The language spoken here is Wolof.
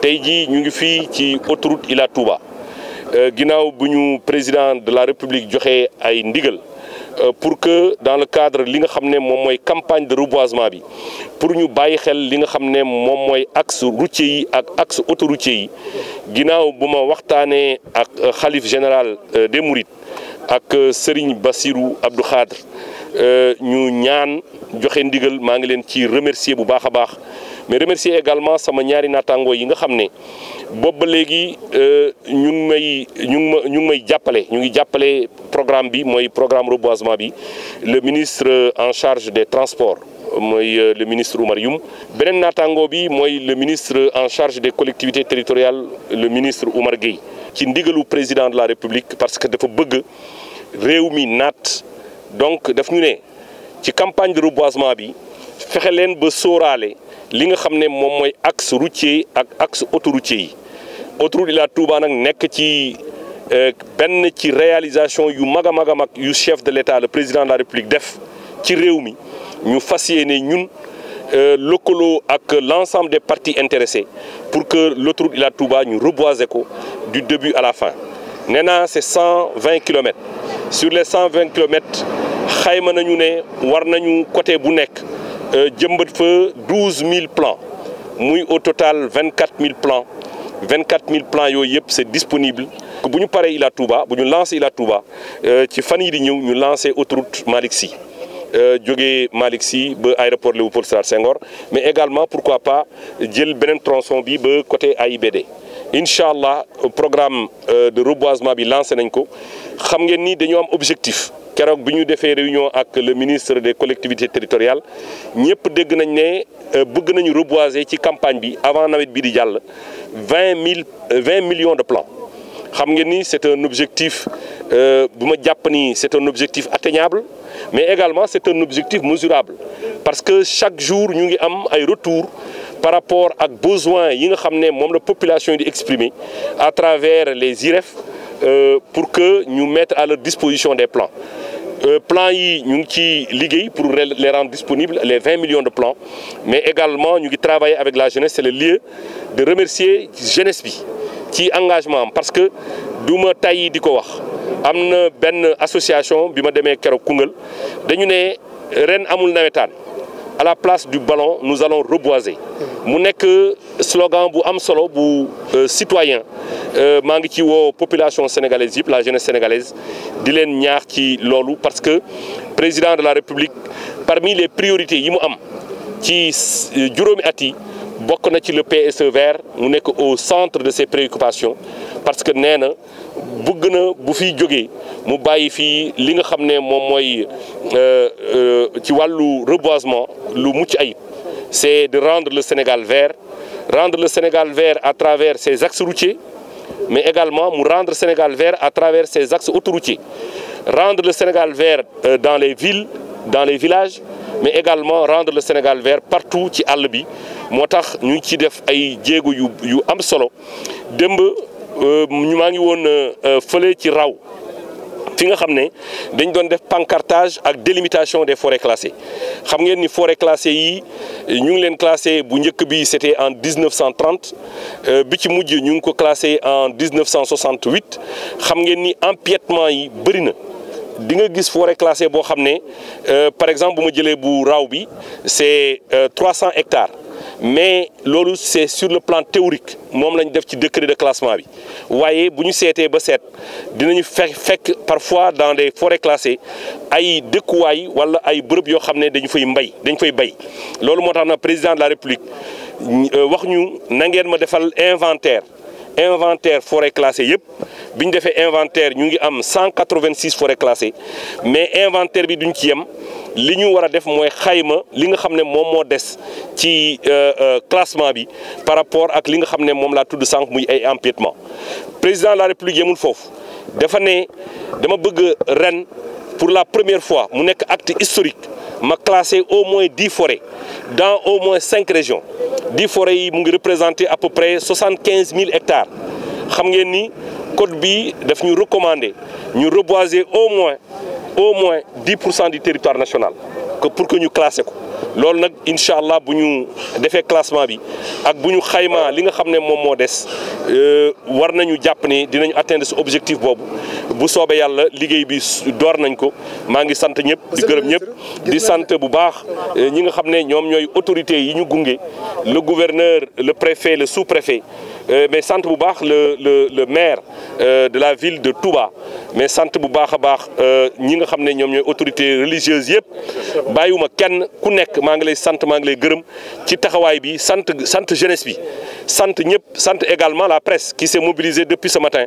tey jii ñu ngi fii ci autoroute Ila Touba euh, ginnaaw bu ñu président de la république joxe ay ndigal euh, pour que dans le cadre li nga xam ne moom mooy campagne de reboisement bi pour ñu bàyyi xel li nga xam ne moom mooy axe routier yi ak axe autoroutier yi ginnaaw bu ma waxtaanee ak euh, xalif général de Mourides ak Serigne basiru Abdou Khadre ñu ñaan joxe ndigal maa ngi leen ci remercier bu baax a baax. mais remercier également sama ñaari naataangoo yi nga xam ne boobu ba léegi euh, ñu ngi may ñu ñu may jàppale ñu ngi jàppale programme bi mooy programme reboisement bi le ministre euh, en charge de transport mooy euh, le ministre Oumar Youm beneen naataangoo bi mooy le ministre en charge des collectivité territoriales le ministre Oumar Gueye ci ndigalu président de la République parce que dafa bëgg réew mi nat donc daf ñu ne ci campagne de reboisement bi fexe leen ba sóoraale li nga xam ne moom mooy axe routier ak axe autoroutier yi autoroute Ila Touba nag nekk ci euh, benn ci réalisation yu mag a mag a mag yu chef de l'État le président de la République def ci réew mi ñu fas yéene ñun euh, lëkkaloo ak l'ensemble des parties intéressées pour que l'autoroute la Touba ñu reboiser ko du début à la fin nee naa c'est cent vingt kilomètres sur les cent vingt kilomètres xayma nañu ne war nañu côté bu nekk Euh, jëmbat fa douze mille plans muy au total vingt quatre mille plans vingt quatre mille plans yooyu yëpp c'est disponible. bu ñu paree la Touba bu ñu lancé Ila Touba euh, ci fan yi di ñëw ñu lancé autoroute Malick Sy euh, jóge Malick si ba aéroport Léopold Sédar Senghor mais également pourquoi pas jël beneen tronçon bi ba côté AIBD. incha allah programme de reboisement bi lancé nañ ko xam ngeen ni dañoo am objectif. keroog bi ñu defee réunion ak le ministre des collectivités territoriales ñëpp dégg nañ ne euh, bëgg nañu reboiser ci campagne bi avant nawet bi di jàll vingt mille euh, vingt millions de plants xam ngeen ni c'est un objectif euh, bu ma jàpp ni c'est un objectif atteignable mais également c'est un objectif mesurable parce que chaque jour ñu ngi am ay retours par rapport ak besoin yi nga xam ne moom la population di exprimer à travers les IREF Euh, pour que ñu mettre à leur disposition des plans euh, plan yi ñu ngi ci liggéey pour les rendre disponibles les 20 millions de plans mais également ñu ngi travailler avec la jeunesse c'est le lieu de remercier jeunesse bi ci engagement am parce que du ma di ko wax am na benn association bi ma demee keroog Koungheul dañu ne ren amul nawetaan à la place du ballon nous allons reboiser mu nekk slogan bu am solo bu euh, citoyen Euh, maa ngi ci woo population sénégalaise yëpp la jeunesse sénégalaise di leen ñaax ci loolu parce que président de la république parmi les priorités yi mu am ci juróomi at yi bokk na ci le PSE vert mu nekk au centre de ses préoccupations parce que nee na bëgg na bu fi jógee mu bàyyi fii li nga xam ne moom mooy euh, euh, ci wàllu reboisement lu mucc ay c'est de rendre le Sénégal vert rendre le Sénégal vert à travers ses axes routiers mais également mu rendre Sénégal vert à travers ses axes autoroutiers rendre le Sénégal vert euh, dans les villes dans les villages mais également rendre le Sénégal vert partout ci àll bi moo tax ñu ngi ci def ay jéego yu yu am solo démb euh, ñu maa ngi woon euh, fële ci raw fi nga xam ne dañ doon def pancartage ak délimitation des forêts classées xam ngeen ni forêt classée yi ñu ngi leen classé bu njëkk bi c'était en 1930 euh, bi ci mujj ñu ngi ko classé en 1968 xam ngeen ni empiètement yi bëri na di nga gis forêt classée boo xam ne euh, par exemple bu ma jëlee bu raaw bi c'est 300 euh, hectares mais loolu c'est sur le plan théorique moom lañ def ci décret de classement bi waaye bu ñu seetee ba seet dinañu fekk fekk parfois dans des forêts classées ay dëkkuwaay walla ay bërëb yoo xam ne dañu fay mbay dañu fay bay loolu moo tax na président de la république euh, wax ñu na ngeen ma defal inventaire inventaire forêt classée yëpp bi ñu defee inventaire ñu ngi am cent 186 forêt classée mais inventaire bi duñu ci yem li ñu war a def mooy xayma li nga xam ne moom moo des ci euh, euh, classement bi par rapport ak li nga xam ne moom laa tudd sànq muy ay empiètement président de la république yemul foofu dafa ne dama bëgg ren pour la première fois mu nekk acte historique ma classé au moins dix forêts dans au moins 5 régions di forêt yi mu ngi représenté à peu près soixante quinze mille hectares xam ngeen ni code bi daf ñu recommandé ñu reboiser au moins au moins dix pour cent du territoire national. que pour que ñu classé ko loolu nag incha allah bu ñu defee classement bi ak bu ñu xaymaa li nga xam ne moom moo des euh, war nañu jàpp ne dinañ atteindre si objectif boobu bu soobee yàlla liggéey bi door nañ ko maa ngi sant ñëpp di gërëm ñëpp di sant bu baax euh, ñi nga xam ne ñoom ñooy autorités yi ñu gunge le gouverneur le préfet le sous-préfet Euh, mais sant bu baax le le le maire euh, de la ville de Touba mais sant bu baax a baax euh, ñi nga xam ne ñoom ñooy autorités religieuses yëpp bàyyiwuma kenn ku nekk maa ngi lay sant maa ngi lay gërëm ci taxawaay bi sant sant jeunesse bi sant ñëpp sant également la presse qui s'est mobilisée depuis ce matin